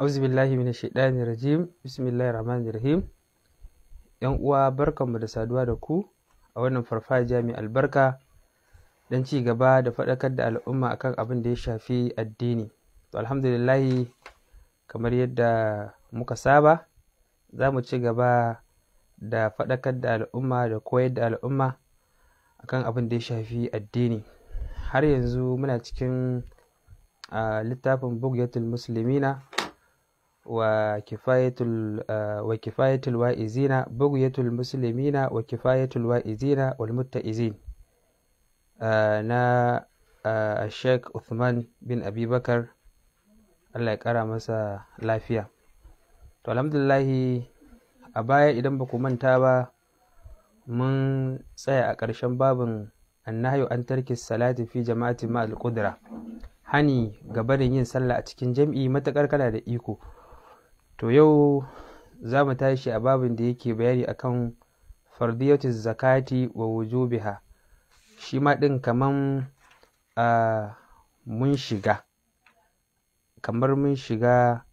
auzu billahi min shaidani rajim bismillahir rahmanir rahim yan uwa barkanmu da saduwa da ku a wannan farfajiya jami albarka dan ci gaba da faɗakar da al'umma akan abin da ya shafi addini to alhamdulillahi kamar yadda muka saba za mu ci gaba da faɗakar da al'umma da koyar da al'umma akan abin da ya shafi addini har yanzu muna cikin ah, littafin bugyatul musulmina. wa kifayatul eh, wa kifayatul wa'izina bughyatul muslimina wa kifayatul wa'izina wal mutta'izin eh, na eh, Sheikh Uthman bin Abibakar Allah ya kara masa lafiya to alhamdulillahi a baya idan baku manta ba mun tsaya a ƙarshen babin annahyu an tarki salati fi jama'ati ma al-qudra hani gabanin yin sallah a cikin jam'i matakar kana da iko to yau za mu tashi a babin da yake bayani akan fardiyatu zakati wa wujubiha shi ma ɗin kamar mun shiga kamar mun shiga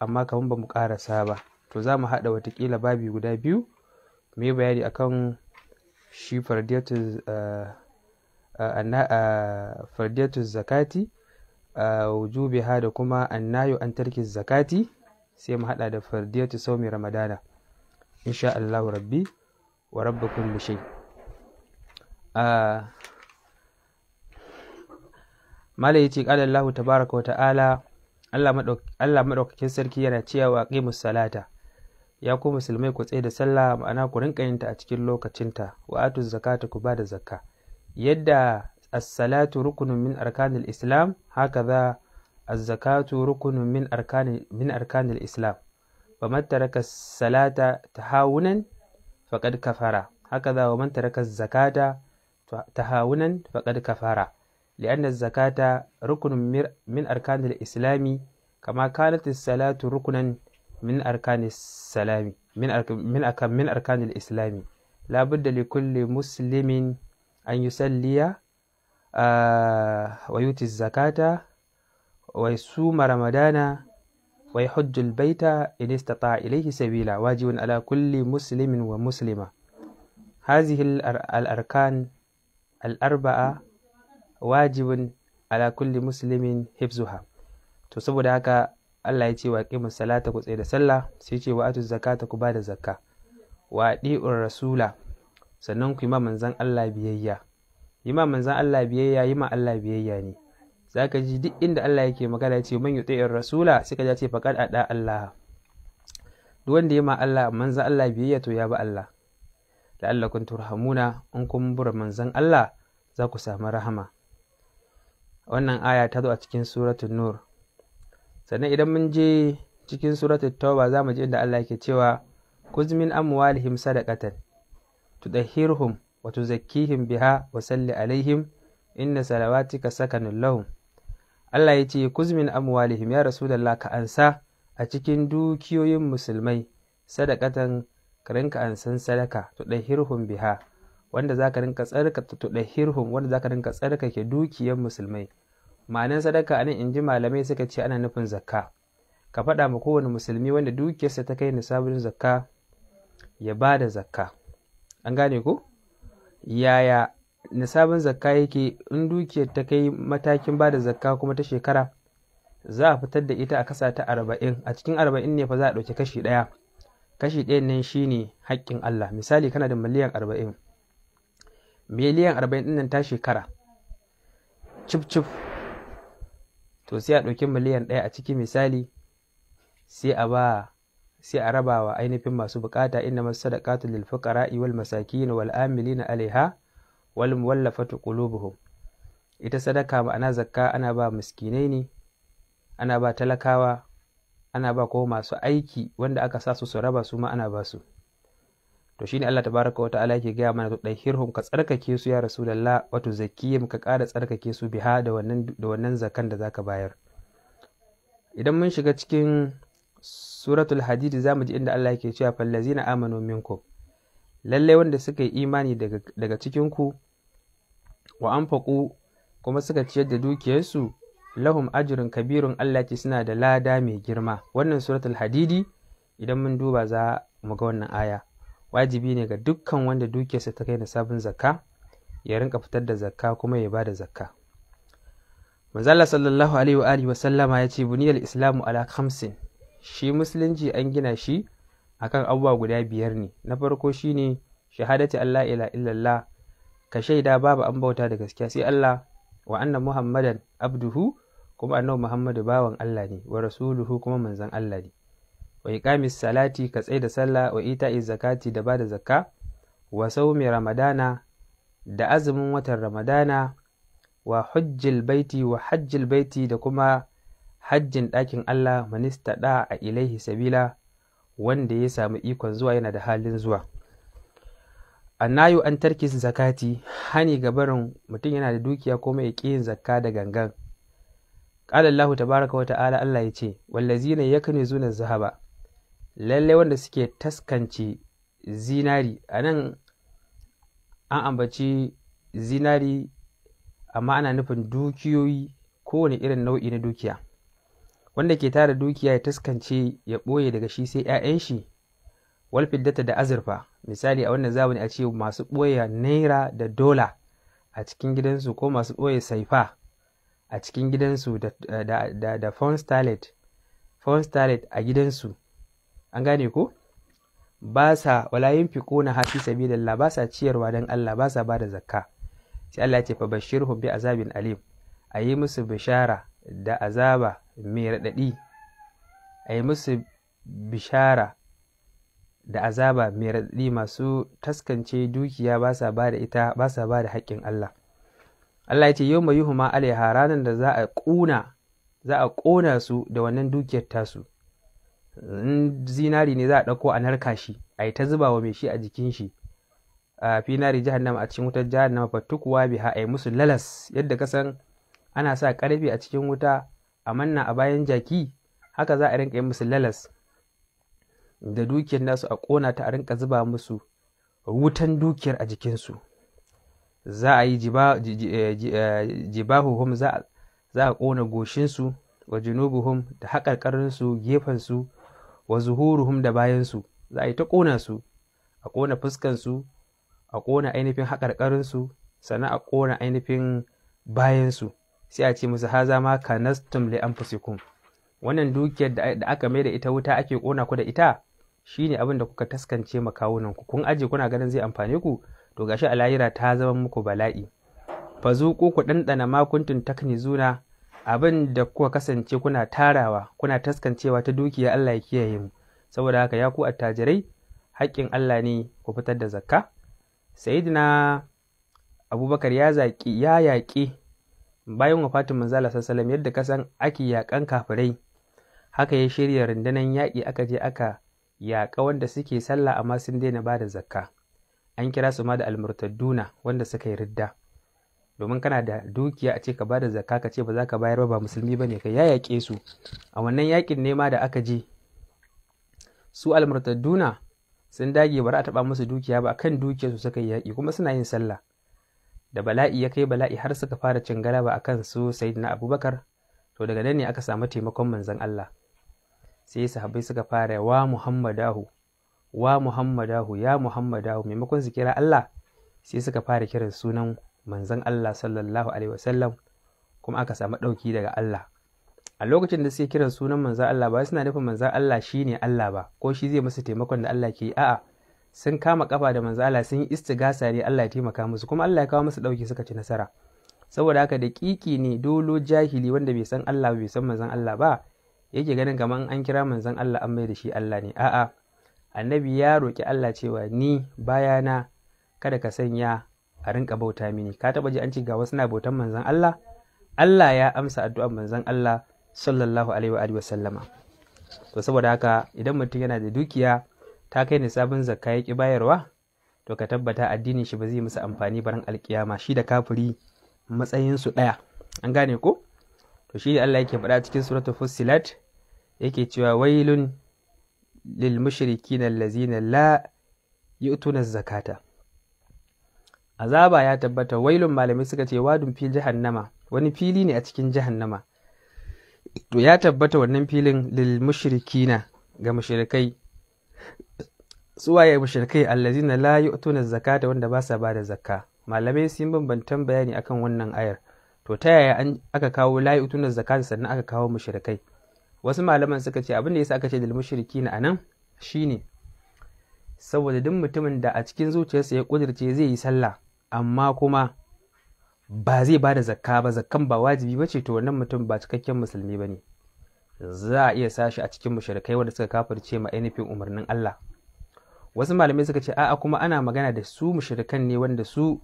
amma kamar ba mu ƙarasa ba to za mu haɗa watakila babi guda biyu mu yi bayani akan shi zakati zakati wujubiha da kuma annayo an tarki zakati sai mu haɗa da fardiyatu saumi ramadana insha Allah rabbi wa rabbukum kulli shay ah, malai yace qala Allah tabaaraka wa ta'ala Allah madaukakin sarki yana cewa qimus salata ya ku musulmai ku tsaye da sallah ma'ana ku rinka yinta a cikin lokacinta wa atu zakata ku bada zaka. zakka yadda as-salatu rukunun min arkanil islam haka za azzakatu rukunun min arkanin min arkanil islam wa man taraka salata tahawunan faqad kafara hakaza wa man taraka zakata tahawunan faqad kafara لأن الزكاة ركن من أركان الإسلام كما كانت الصلاة ركنا من أركان السلام من أركان من أركان, الإسلام لا بد لكل مسلم أن يصلي ويؤتي الزكاة wai su ramadana wai hujjul baita in istata ilaihi sabila wajibun ala kulli muslimin wa muslima هذه al'arkan al'arba'a wajibin ala kulli muslimin hifzuha to saboda haka Allah ya ce wa ƙi salata ku tsaye da sallah sai ce wa atu zakata ku bada zakka wa ɗi'un rasula sannan ku yi ma manzan Allah biyayya yi ma manzan Allah biyayya yi ma Allah biyayya ne Za ka ji duk inda Allah yake magana ya ce man yuti'ir rasula sai ka ce a ɗa Allah duk wanda ya ma Allah manzan Allah biyayya to ya ba Allah Da la'allakum turhamuna in kun bura manzan Allah za ku samu rahama wannan aya ta zo a cikin suratun nur sannan idan mun je cikin suratun tauba za mu ji inda Allah yake cewa kuzmin amwalihim sadaqatan tudahhirhum wa tuzakkihim biha wa salli alaihim inna salawatika sakanul lahum Allah ya ce kuzmin amwalihim ya rasulullah ka ansa a cikin dukiyoyin musulmai sadakatan ka rinka ansan sadaka tudahirhum biha wanda zaka rinka tsarka tudahirhum wanda zaka rinka tsarka ke dukiyar musulmai ma'anan sadaka anan in ji malamai suka ce ana nufin zakka ka faɗa ma kowane musulmi wanda dukiyarsa ta kai nisabun zakka ya ba da zakka an gane ko yaya na sabon zakka yake in dukiyar ta kai matakin ba da zakka kuma ta shekara za a fitar da ita a kasa ta arba'in a cikin arba'in ne fa za a ɗauki kashi ɗaya kashi ɗayan nan shine haƙƙin Allah misali kana da miliyan arba'in miliyan arba'in ɗin nan ta shekara cif cif to sai a ɗauki miliyan ɗaya a ciki misali sai a ba sai a raba ainihin masu bukata inda masu sadaqatu lil fuqara'i wal masakin wal amilina alaiha walmuwallafatu muwallafatu qulubuhum ita sadaka ma'ana zakka ana ba miskinai ne ana ba talakawa ana ba ko masu aiki wanda aka sa su su raba su ma ana ba su to shine Allah tabaraka wata'ala yake gaya mana to hirhum ka tsarkake su ya rasulullah wato zakiyim ka ƙara tsarkake su biha da wannan da wannan zakan da zaka bayar idan mun shiga cikin suratul hadid zamu ji inda Allah yake cewa fallazina amanu minkum lallai wanda suka yi imani daga cikinku wa an faƙo kuma suka ciyar da dukiyarsu lahum ajirin kabirun Allah ce suna da lada mai girma wannan suratul hadidi idan mun duba za mu ga wannan aya wajibi ne ga dukkan wanda dukiyarsa ta kai na sabon zakka ya rinka fitar da zakka kuma ya ba da zakka manzala sallallahu alaihi wa alihi sallama ya ce buniyar islamu ala khamsin shi musulunci an gina shi akan abubuwa guda biyar ne na farko shine shahadati Allah ila illallah ka shaida babu an bauta da gaskiya sai Allah wa anna muhammadan abduhu kuma annabi muhammadu bawan Allah ne wa rasuluhu kuma manzan Allah ne wa iqamis salati ka tsaida sallah wa da zakati da bada zakka wa saumi ramadana da azumin watan ramadana wa hujjil baiti wa hajjil baiti da kuma hajjin ɗakin Allah manista da a ilaihi sabila wanda ya samu ikon zuwa yana da halin zuwa annayu an tarki zakati hani ga barin mutum yana da dukiya ko mai ƙiyin zakka da gangan qala Allahu tabaraka wa ta'ala Allah ya ce wallazina yaknizuna zahaba lalle wanda suke taskance zinari anan an ambaci zinari amma ana nufin dukiyoyi kowane irin nau'i na dukiya wanda ke tara dukiya ya taskance ya ɓoye daga shi sai 'ya'yan shi walfiddata da azurfa misali a wannan zamani a ce masu ɓoye naira da dola a cikin gidansu ko masu ɓoye saifa a cikin gidansu da, phone starlet a gidansu an gane ko ba sa walayin fiko na hafi Allah ba sa ciyarwa don Allah ba sa ba da zakka sai Allah ya ce fa bashirhum a zabin alim a yi musu bishara da azaba mai raɗaɗi a yi musu bishara da azaba mai raɗaɗi masu taskance dukiya ba sa ba da ita ba sa ba da haƙƙin Allah Allah ya ce yau mai yuhu ma alaiha ranar da za a ƙona su da wannan dukiyar tasu in zinari ne za a ɗauko a narka shi a yi ta zuba wa mai shi a jikin shi a finari jahannama a cikin wutar jahannama fattukuwa biha a yi musu lalas yadda ka san ana sa ƙarfe a cikin wuta a manna a bayan jaki haka za a rinka yi musu lalas da dukiyar nasu a ƙona ta a rinka zuba musu wutan dukiyar a jikinsu za a yi eh, eh, jibahuhum za a ƙona goshinsu wa junubuhum da haƙarƙarinsu gefensu wa zuhuruhum da bayansu za a yi ta ƙona su a ƙona fuskansu a ƙona ainihin haƙarƙarinsu sannan a ƙona ainihin bayansu sai a ce musu haza ma kanastum li anfusikum wannan dukiyar da aka mai da ita wuta ake kona ku da ita shine abin da kuka taskance kawunan ku kun aje kuna ganin zai amfane ku to gashi a ta zama muku bala'i fa zuku ku dandana ma takni taknizuna abin da kuka kasance kuna tarawa kuna taskancewa ta dukiya Allah ya kiyaye mu saboda haka ya ku attajirai haƙƙin Allah ne ku fitar da zakka sayyidina abubakar ya yaƙi bayan wafatin manzala sassalam yadda kasan ake yakan kafirai haka ya shirya rundunar yaƙi aka je aka yaƙa wanda suke sallah amma sun daina bada zakka an kira su ma da almurtadduna wanda suka yi ridda domin kana da dukiya a ce ka da zakka ka ce ba za ka bayar ba musulmi bane ka ya yaƙe su a wannan yaƙin ne ma da aka je su almurtadduna sun dage ba za a taɓa musu dukiya ba kan dukiyarsu suka yi yaƙi kuma suna yin sallah da bala'i ya kai bala'i har suka fara cin galaba akan su na abubakar to daga nan ne aka samu taimakon manzon Allah sai sahabbai suka fara wa muhammadahu wa muhammadahu ya muhammadahu maimakon su kira Allah sai suka fara kiran sunan manzon Allah sallallahu alaihi wasallam kuma aka samu ɗauki daga Allah a lokacin da suke kiran sunan manzon Allah ba suna nufin manzon Allah shine Allah ba ko shi zai musu taimakon da Allah ke yi a'a sun kama kafa da manzala sun yi istigasa ne Allah ya taimaka musu kuma Allah ya kawo musu dauki suka ci nasara saboda haka da kiki ne dolo jahili wanda bai san Allah bai san manzon Allah ba yake ganin kamar an kira manzon Allah an mai da shi Allah ne a'a annabi ya roki Allah cewa ni bayana kada ka sanya a rinka bauta mini ka taba ji an ci ga wasu na bautan manzon Allah Allah ya amsa addu'ar manzon Allah sallallahu alaihi wa alihi to saboda haka idan mutum yana da dukiya ta kai sabon zakka ya ki bayarwa to ka tabbata addinin shi ba zai musu amfani ba baran alkiyama shi da kafiri su ɗaya an gane ko to shi da Allah yake faɗa cikin suratul fussilat yake cewa wailun lil mushrikin allazina la yu'tuna zakata azaba ya tabbata wailun malamai suka ce wadun fil jahannama wani fili ne a cikin jahannama to ya tabbata wannan filin lil mushrikina ga mushrikai suwaye mushrikai allazina la yu'tuna zakata wanda ba sa bada zakka malamai sun bambantan bayani akan wannan ayar to ta yaya an aka kawo la yu'tuna zakata sannan aka kawo mushrikai wasu malaman suka ce abin da yasa aka ce dal na anan shine saboda duk mutumin da a cikin zuciyarsa ya kudirce zai yi sallah amma kuma ba zai bada zakka ba zakkan ba wajibi bace to wannan mutum ba cikakken musulmi bane za a iya sashi a cikin mushrikai wanda suka kafirce ma ainihin umarnin Allah wasu malamai suka ce a'a kuma ana magana da su mushrikan ne wanda su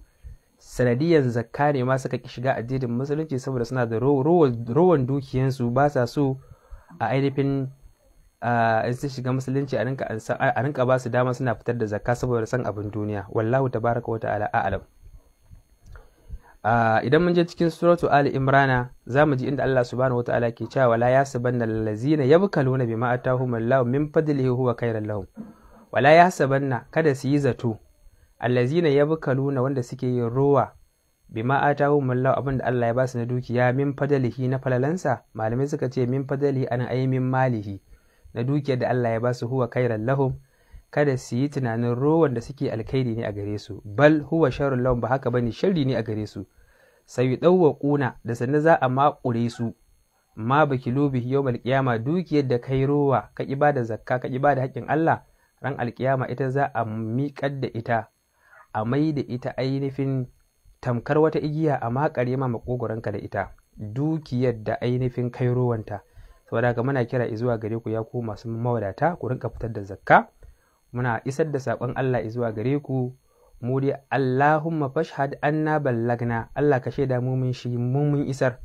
sanadiyan zakka ne ma suka ki shiga addinin musulunci saboda suna da rowan dukiyansu ba sa so a ainihin in sun shiga musulunci a rinka ba su dama suna fitar da zakka saboda san abin duniya wallahu tabaraka wa ta'ala a'lam idan mun je cikin suratu ali imrana za mu ji inda Allah subhanahu wataala ke cewa la yasbanna allazina yabkaluna bima atahum Allah min fadlihi huwa khairan lahum wala yasbanna kada su yi zato allazina yabkaluna wanda suke yin rowa bima atahum Allah abinda Allah ya basu na dukiya min fadlihi na falalansa malamai suka ce min fadlihi an ai min malihi na dukiyar da Allah ya basu huwa khairan lahum kada su yi tunanin rowan da suke alkhairi ne a gare su bal huwa sharrun lahum ba haka bane sharri ne a gare su sai ɗauwa ƙuna da sannu za a maƙure su ma ba ki bihi yau malƙiyama dukiyar da kai rowa ka ƙi ba da zakka ka ƙi ba da haƙƙin Allah ran alƙiyama ita za a miƙar da ita a mai da ita ainihin tamkar wata igiya a maƙare ma maƙogoranka da ita dukiyar da ainihin kai rowanta saboda haka muna kira zuwa gare ku ya ku masu mawadata ku rinka fitar da zakka muna isar da saƙon Allah izuwa gare ku mu dai Allahumma fashhad anna ballagna Allah ka shaida mu mun shi mu mun isar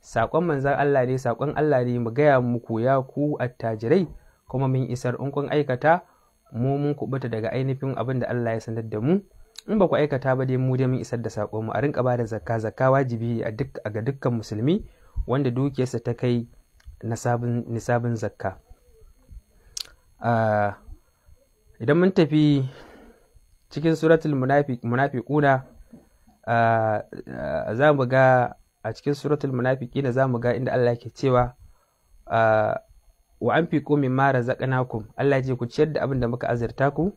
sakon manzan Allah ne Sakon Allah ne mu gaya muku ya ku attajirai kuma mun isar in kun aikata mu mun kubuta daga ainihin abin da Allah ya sanar da mu in ba ku aikata ba dai mu dai mun isar da sakon mu a rinka ba da zakka zakka wajibi a duk ga dukkan musulmi wanda dukiyarsa ta kai nisabin nisabin zakka ah, idan mun tafi cikin suratul munafiquna za mu ga a cikin suratul munafiquna za mu ga inda Allah ke cewa wa an fi min razaqnakum Allah ce ku ciyar da abin da muka azurta ku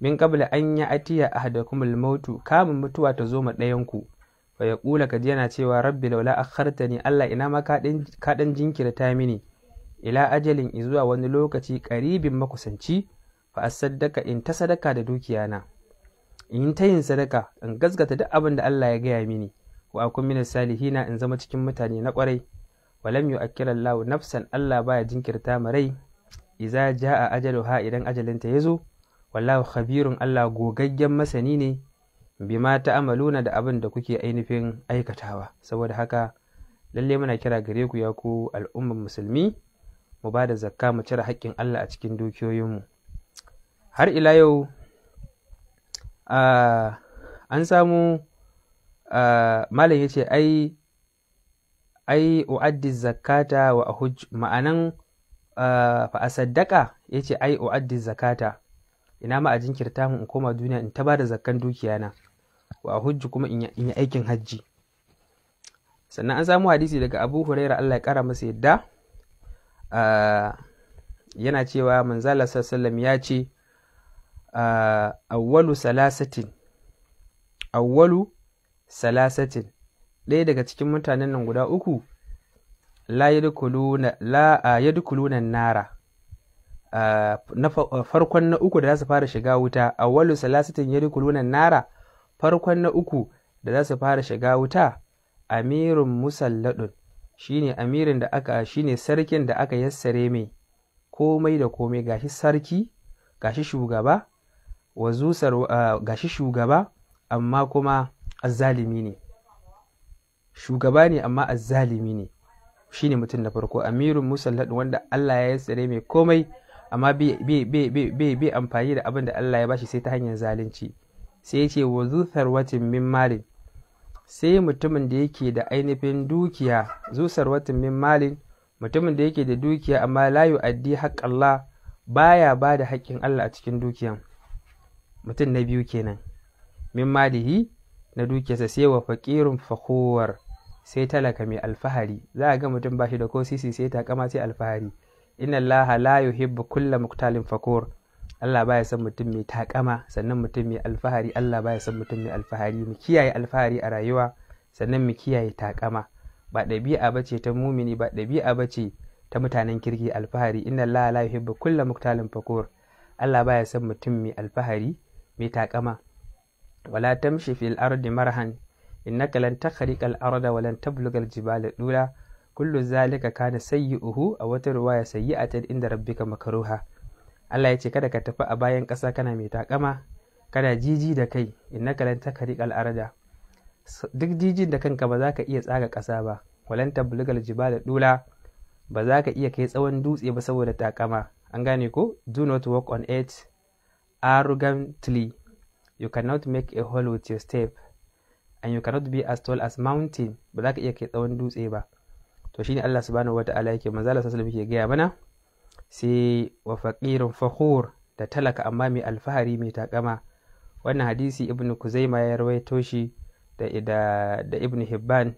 min qabla an ya atiya ahadakumul mautu kamun mutuwa ta zo ma dayan ku fa ka kaji yana cewa rabbi laula akhartani Allah ina ma ka dan jinkirta mini ila ajalin izuwa wani lokaci qaribin makusanci fa asaddaka in ta sadaka da dukiyana in ta yin sadaka in gaskata duk abin da Allah ya gaya mini wa akun Salihi salihina in zama cikin mutane na kwarai walam yu'akkira Allah nafsan Allah baya jinkirta ma rai a ajalu ha idan ajalin ajalinta zo? wallahu khabirun Allah gogaggen masani ne bima amaluna da abin da kuke ainihin aikatawa saboda haka lalle muna kira gare ku ya ku al'ummar musulmi mu ba da zakka mu cire haƙƙin Allah a cikin dukiyoyinmu har ila yau an samu malam ya ce ai ai u'addi zakata wa ahuj ma'anan fa a saddaka ya ce ai u'addi zakata ina ma a jinkirta mu in koma duniya in ta bada zakkan dukiya na wa hujji kuma in yi aikin hajji sannan an samu hadisi daga abu huraira allah ya kara masa yadda yana cewa manzala sallam ya ce awwalu salasatin awwalu salasatin ɗaya daga cikin mutanen nan guda uku la yadkuluna nara na farkon na uku da za su fara shiga wuta awwalu salasatin yadkuluna nara farkon na uku da za su fara shiga wuta amirun musalladun shine amirin da aka shine sarkin da aka yassare mai komai da komai gashi sarki gashi shugaba wa zusar ah, gashi shugaba amma kuma azzalimi ne shugaba ne amma azzalimi ne shine mutum na farko amirun musallad wanda Allah ya tsare mai komai amma bai amfani da abin da Allah ya bashi sai ta hanyar zalunci sai ya ce wa zusarwatin min malin sai mutumin da yake da ainihin dukiya zusarwatin min malin mutumin da yake da dukiya amma layu addi haƙƙallah baya ba da haƙƙin Allah a cikin dukiyan mutum na biyu kenan min malihi na dukiyarsa sai wa faƙirin fakowar sai talaka mai alfahari za a ga mutum ba shi da ko sisi sai takama sai alfahari inna Allah la yuhibbu kulla muktalin fakur Allah baya son mutum mai takama sannan mutum mai alfahari Allah baya son mutum mai alfahari mu kiyaye alfahari a rayuwa sannan mu kiyaye takama ba ɗabi'a bace ta mumini ba ɗabi'a bace ta mutanen kirki alfahari inna Allah la yuhibbu kulla muktalin fakor Allah baya san mutum mai alfahari mai takama wala tamshi fil ardi marhan innaka lan takhriqa al arda wa lan tablugha al jibala dula kullu zalika kana sayyi'uhu a wata ruwaya sayyi'atan inda rabbika makaruha Allah ya ce kada ka tafi a bayan ƙasa kana mai takama Kada jiji da kai innaka lan takhriqa al arda duk jijin da kanka ba za ka iya tsaga ƙasa ba walan tablugha jibala dula ba za ka iya kai tsawon dutse ba saboda takama an gane ko do not walk on it arrogantly. You cannot make a hole with your step, and you cannot be as tall as mountain, ba za ka iya kai tsawon dutse ba. To shine Allah subhanahu wa ta'ala yake manzala Allah sallallahu alaihi gaya mana sai wa faqirin fakhur da talaka amma mai alfahari mai takama. Wannan hadisi Ibn Kuzaima ya rawaito shi da, da Ibn Hibban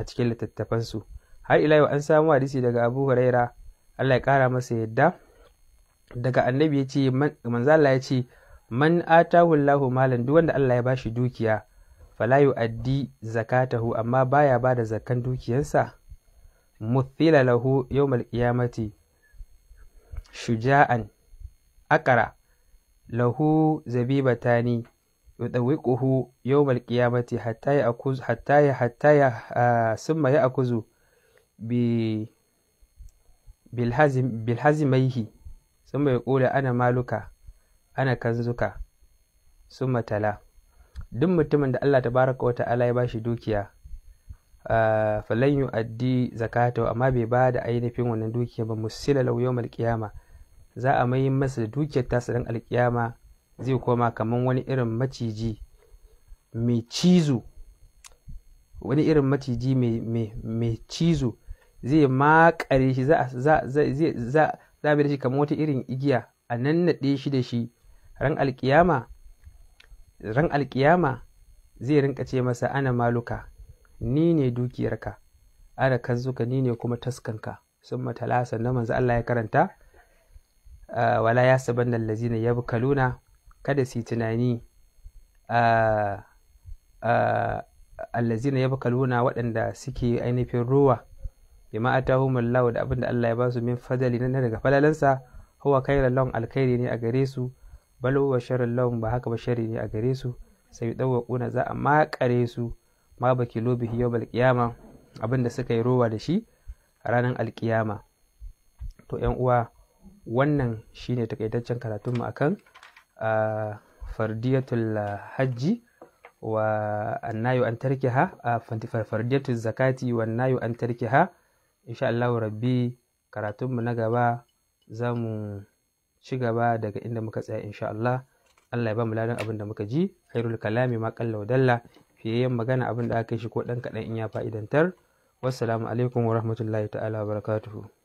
a cikin littattafansu. Har ila yau an samu hadisi daga Abu Huraira Allah ya kara masa yadda daga annabi ya ce manzala ya ce man atahu Allahu malan duk wanda Allah ya bashi dukiya fala yu'addi zakatahu amma baya bada da zakan dukiyansa muthila lahu yawmal qiyamati shuja'an akara lahu zabibatani yudawiquhu yawmal qiyamati hatta ya'kuz hatta ya hatta ya summa ya'kuzu bi bilhazim bilhazimaihi ثم يقول ana maluka ana kanzuka ثم tala duk mutumin da Allah tabaraka wa ta'ala ya bashi dukiya ah, falan yu addi zakato amma bai ba da ainihin wannan dukiya ba musila lau yawmal kiyama za a mai masa da dukiyar tasa dan alkiyama zai koma kaman wani irin maciji mai cizo wani irin maciji mai cizo zai makare shi za zabi da shi kamar wata irin igiya a nannaɗe shi da shi ran alkiyama ran alkiyama zai rinka ce masa ana maluka ni ne dukiyarka ana kanzuka ni ne kuma taskanka sun matala sannan manzo Allah ya karanta wala ya saban da lazina ya bukaluna kada su tunani A lazina ya bukaluna waɗanda suke ainihin ruwa bima atahumullahu da abin da Allah ya basu min fadali na daga falalansa huwa khairal lahum alkhairi ne a gare su bal huwa sharrul lahum ba haka ba sharri ne a gare su sai kuna za a makare su ma bakilo bihi yawmal qiyama abin da suka yi rowa da shi a ranar alkiyama to yan uwa wannan shine takaitaccen karatun mu akan fardiyatul hajji wa annayu an tarkiha fardiyatul zakati wa annayu an tarkiha insha Allahu rabbi karatun mu na gaba za mu ci gaba daga inda muka tsaya insha Allah Allah ya ba mu ladan abin da muka ji khairul kalami ma qalla wa dalla fiye magana abin da aka yi shi ko dan kadan in ya fa'idantar wassalamu alaikum wa rahmatullahi ta'ala wa